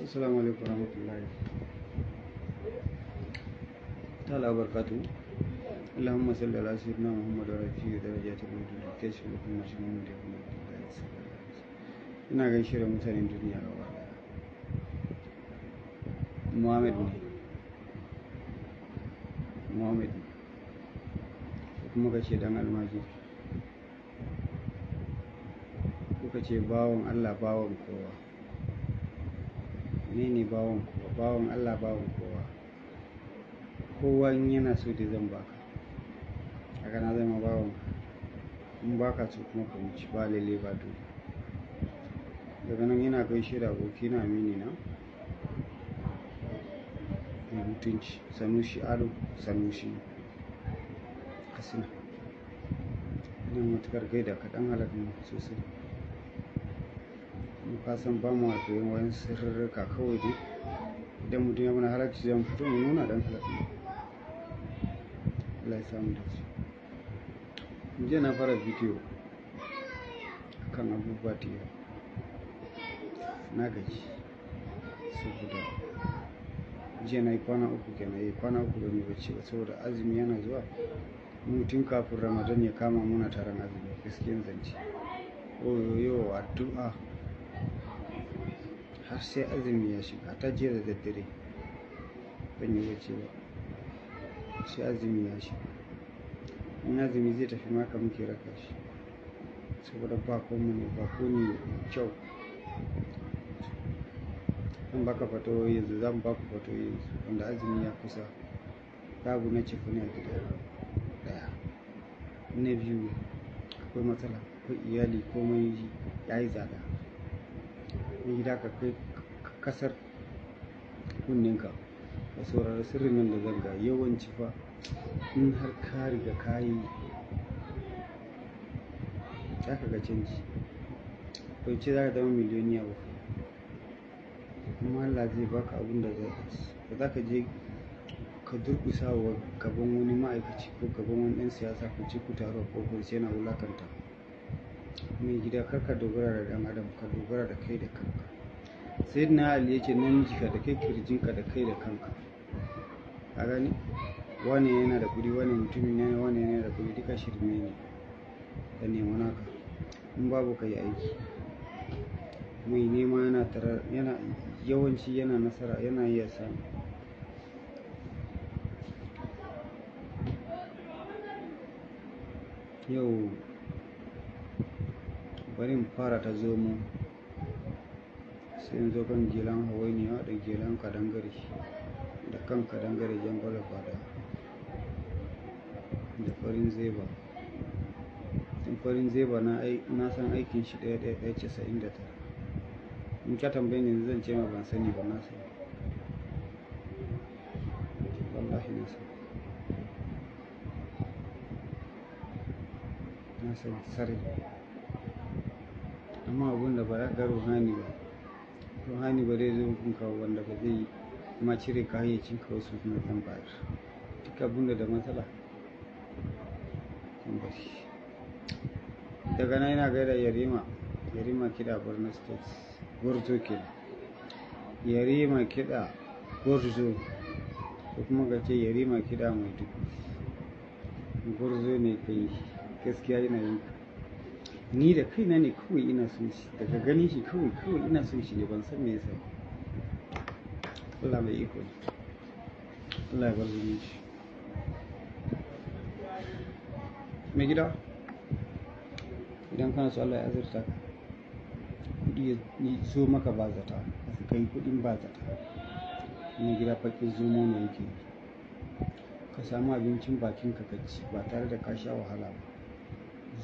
assalamu alaikum warahmatullahi ta'ala barkatu اللهم صل على سيدنا محمد وعلى في درجات الوجود لكم ina gaishe da mutanen duniya gaba Muhammad ne Muhammad kuma ka ce dan almaji kuka ce bawon Allah bawon kowa ni ne bawon kowa bawon Allah bawon kowa kowa in yana so da zan baka haka na zama bawon in baka so kuma ka wuce ba lalle ba to daga nan yana gaishe da aboki na mini na mai mutunci sanushi ado sanushi kasina ina matukar gaida kaɗan mu sosai mu kasan ba mu wato yin wani sirrika kawai dai idan mutum ya mana halarci zan fito mu nuna dan halarci Allah ya samu da su jiya na fara bidiyo kan abubuwa da yawa na gaji saboda jiya na yi kwana uku kenan yi eh, kwana uku ban yi bacci ba saboda azumi yana zuwa mutum kafin ramadan ya kama muna taron azumi gaskiyan zance oyoyo addu'a sai azumi ya shiga ta jiya da daddare ban yi wace ba sai azumi ya shiga in azumi zai tafi maka muke raka shi saboda ba komu ne ba ne kyau zan baka fato yanzu za mu baku fato yanzu wanda azumi ya kusa babu na ne a gida daya na biyu akwai matsala akwai iyali komai ya yi tsada in gida ka kai kasar kunnen ka saurari sirrin nan da ga yawanci fa in har ka riga ka yi za ka ga canji bai ce za ka zama miliyoniya ba kuma Allah zai baka abin da za ka ba za ka je ka durkusa wa gaban wani ma'aikaci ko gaban wani ɗan siyasa ku ce ku taro kofar sai yana wulakanta mai gida karka dogara da ɗan adam ka dogara da kai da kanka na ali ya ce namiji ka da kai ka da kai da kanka a gani wane yana da kuɗi wani mutumin ne wane yana da kuɗi duka shirme ne Da nemi naka in babu ka yi aiki mai nema yana tarar yana yawanci yana nasara yana iya samu yau bari mu fara ta zomo sai zo kan gilan hawainiya da gilan kadangare da kan kadangare jan kwalafada da farin zeba tun farin zeba na san aikin shi ɗaya ɗaya ɗaya casa'in da ta in ka tambayin yanzu zan ce ma ban sani ba na sani wallahi na sani na sani sarai amma abinda da ba ya ga ruhani ba ruhani ba zai zo kanka wanda ba zai ma cire kayayyakin ka wasu kuma kan bayar duk abin da matsala kan bari daga nan yana gaida yarima yarima kiɗa borno state gorzo ke yarima kiɗa gorzo ko kuma ka ce yarima kiɗa mai duk gorzo ne kai gaskiya yana yin ni da kaina ne kawai ina son shi daga ganin shi kawai kawai ina son shi ne ban san me yasa ba Allah mai iko Allah ya bar shi mai gida idan kana so Allah ya azurta ka kuɗi ya zo maka ba zata ka yi kuɗin ba zata mai gida faƙi zomo ne yake ka samu abincin bakinka ka ci ba tare da ka sha wahala ba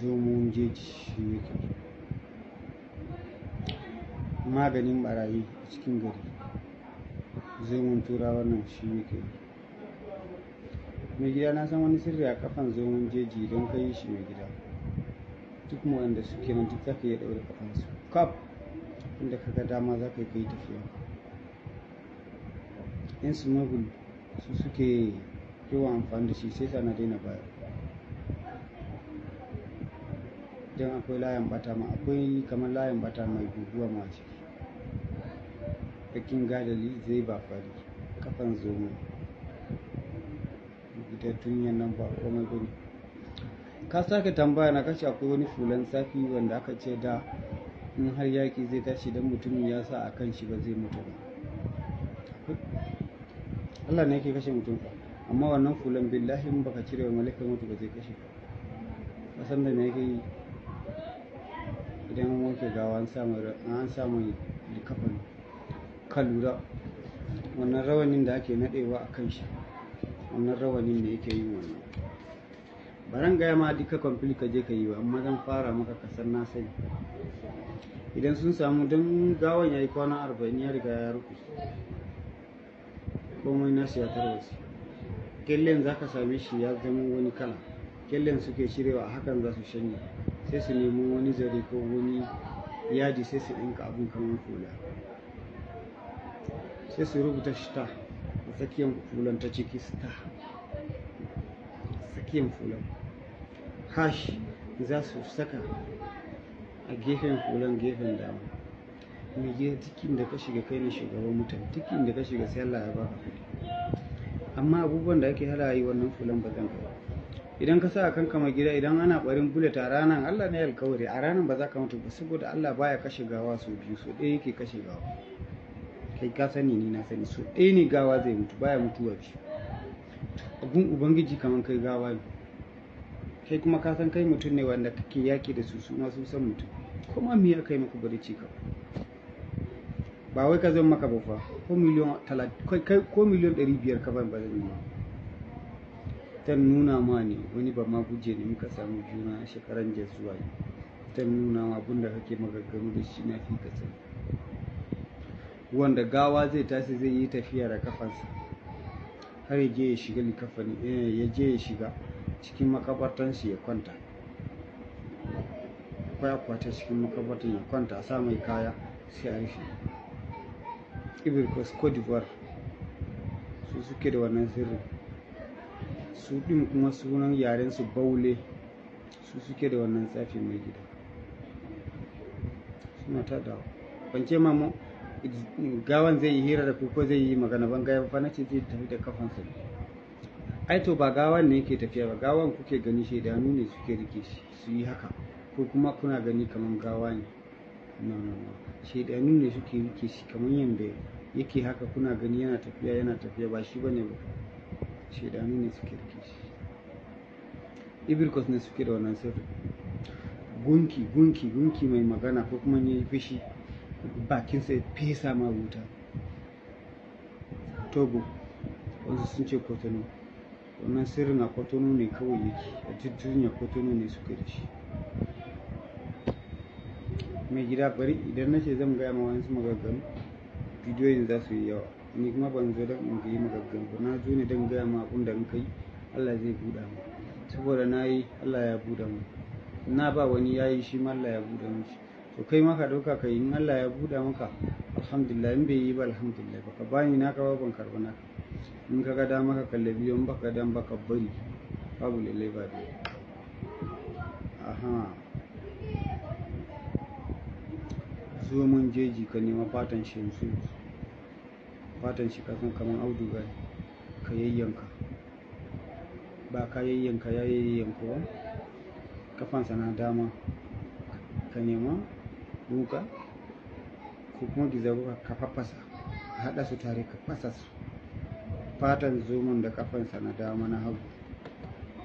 zomon jeji shi yake maganin barayi a cikin gari zomon turawa nan shi yake mai gida na san wani sirri a kafan zomon jeji don kai shi mai gida duk mu wanda suke nan duk za ka iya kafan kafansu kaf inda ka ga dama za ka kai tafiya yan mabul su suke yawan amfani da shi sai sana daina bayar don akwai layin bata ma akwai kamar layin bata mai guguwa ma ciki bakin gadali zai ba fari kafan zomo rubutattun yannan ba komai bane ka sake tambaya na kashe akwai wani fulan safi wanda aka ce da in har yaƙi zai tashi don mutumin ya sa a kan shi ba zai mutu ba Allah ne yake kashe mutum amma wannan fulan billahi in baka cire wa malakar mutu ba zai kashe ka san da me yake yi idan an wanke gawa an samu an samu likafin ka lura wannan rawanin da ake nadewa a kan shi wannan rawanin ne yake yin wannan baran gaya ma duka kwamfili ka je ka yi wa amma zan fara maka kasar na sani idan sun samu don gawan ya yi kwana arba'in ya riga ya rufe komai na siyatar wasu. kyallen za ka same shi ya zama wani kala kyallen suke shirewa hakan za su shanye sai su nemo wani zare ko wani yadi sai su ɗinka abin kamar hula sai su rubuta star a tsakiyar kulan ta ciki star tsakiyar fulan hash za su saka a gefen kulan gefen dama mai gida tikin da ka shiga kai ne shugaban mutane tikin da ka shiga sai Allah ya baka amma abubuwan da ake halaye wannan kulan ba zan kai idan ka sa a kan kama gida idan ana barin bullet a ranar allah ne alkawari a ranar ba za ka mutu ba saboda allah baya kashe gawa sau biyu su ɗaya yake kashe gawa kai ka sani ni na sani su ɗaya ne gawa zai mutu baya mutuwa biyu abun ubangiji kamar kai gawa ne kai kuma ka san kai mutum ne wanda kake yaki da su su ma sun san mutum kuma me ya kai maka bari ci ka ba wai ka zan maka ba fa ko miliyon 35 ka ban ba zan yi ba ta nuna ma ne wani ba ma guje ne muka samu juna a shekaran da zuwa ta nuna ma abinda kake magagaru da shi na fi kasa wanda gawa zai tashi zai yi tafiya da kafansa har ya je ya shiga likafani eh, ya je ya shiga cikin makabartan shi ya kwanta kwaya kwata cikin makabartan ya kwanta a sa mai kaya sai a rufe ibirkos cote d'ivoire su suke da wannan sirri. su ɗin kuma sunan yarensu baule su suke da wannan tsafi mai gida suna ta dawo ban mamu gawan zai yi hira da kuko zai yi magana ban gaya ba ce zai tafi da kafansa ai to ba gawan ne yake tafiya ba gawan kuke gani shaidanu ne suke rike shi su yi haka ko kuma kuna gani kamar gawa ne shaidanu ne suke rike shi kamar yadda yake haka kuna gani yana tafiya yana tafiya ba shi ba ne ba shaidanu ne suke da shi ibirkos ne suke da wannan sirri gunki gunki gunki mai magana ko kuma ya yi fushi bakinsa ya fesa ma wuta togo wasu sun ce kotonu wannan sirrin a kotonu ne kawai yake a jujjunya kotonu ne suke da shi mai gida bari idan na ce zan gaya ma wani magagamu bidiyoyin za su yi yawa ni kuma ban zo don in yi magaggan ba na zo ne don gaya ma abin da kai Allah zai buɗa mu saboda na yi Allah ya buɗa mu na ba wani ya yi shi Allah ya buɗa mu to kai maka ɗauka ka yi in Allah ya buɗa maka alhamdulillah in bai yi ba alhamdulillah baka bani naka ka ban karɓi naka in ka ga dama ka kalle biyu ba baka dan baka bari babu lallai ba dai aha zo mun jeji ka nema fatan shimsu fatan shi kafin kamar auduga ka yayyanka ba ka yayyanka ya yayyanka ba kafansa na dama ka nema duka ko kuma gizaruka ka fafasa a haɗa su tare ka fasa su fatan zomon da kafansa na dama na hagu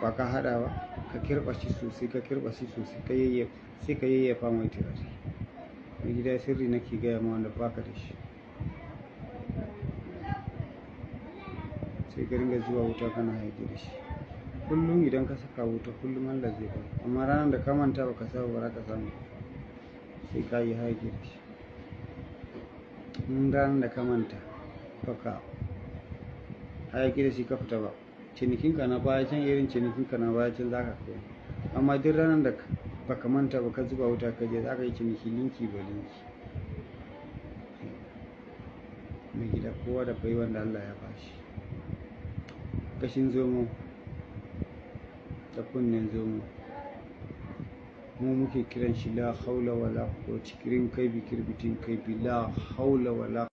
ba ka haɗa ba ka kirɓa shi sosai ka kirɓa shi sosai sai ka yayyafa mai turare mai gida sirri nake gaya ma wanda baka da shi sai ka ringa zuwa wuta kana haɗe da shi kullum idan ka saka wuta kullum Allah zai ba amma ranar da ka manta ba ka sa ba ka samu sai ka yi haɗe da shi in ranar da ka manta baka haɗe da shi ka fita ba cinikinka na baya can irin cinikinka na baya can za ka kai amma duk ranar da ka manta ba ka zuba wuta ka je za ka yi ciniki linki ba linki mai gida kowa da baiwan da Allah ya bashi kashin zomo da kunnen zomo mu muke kiran shi la haula wala quwwata kirin kai bi kirbitin kai bi la haula wala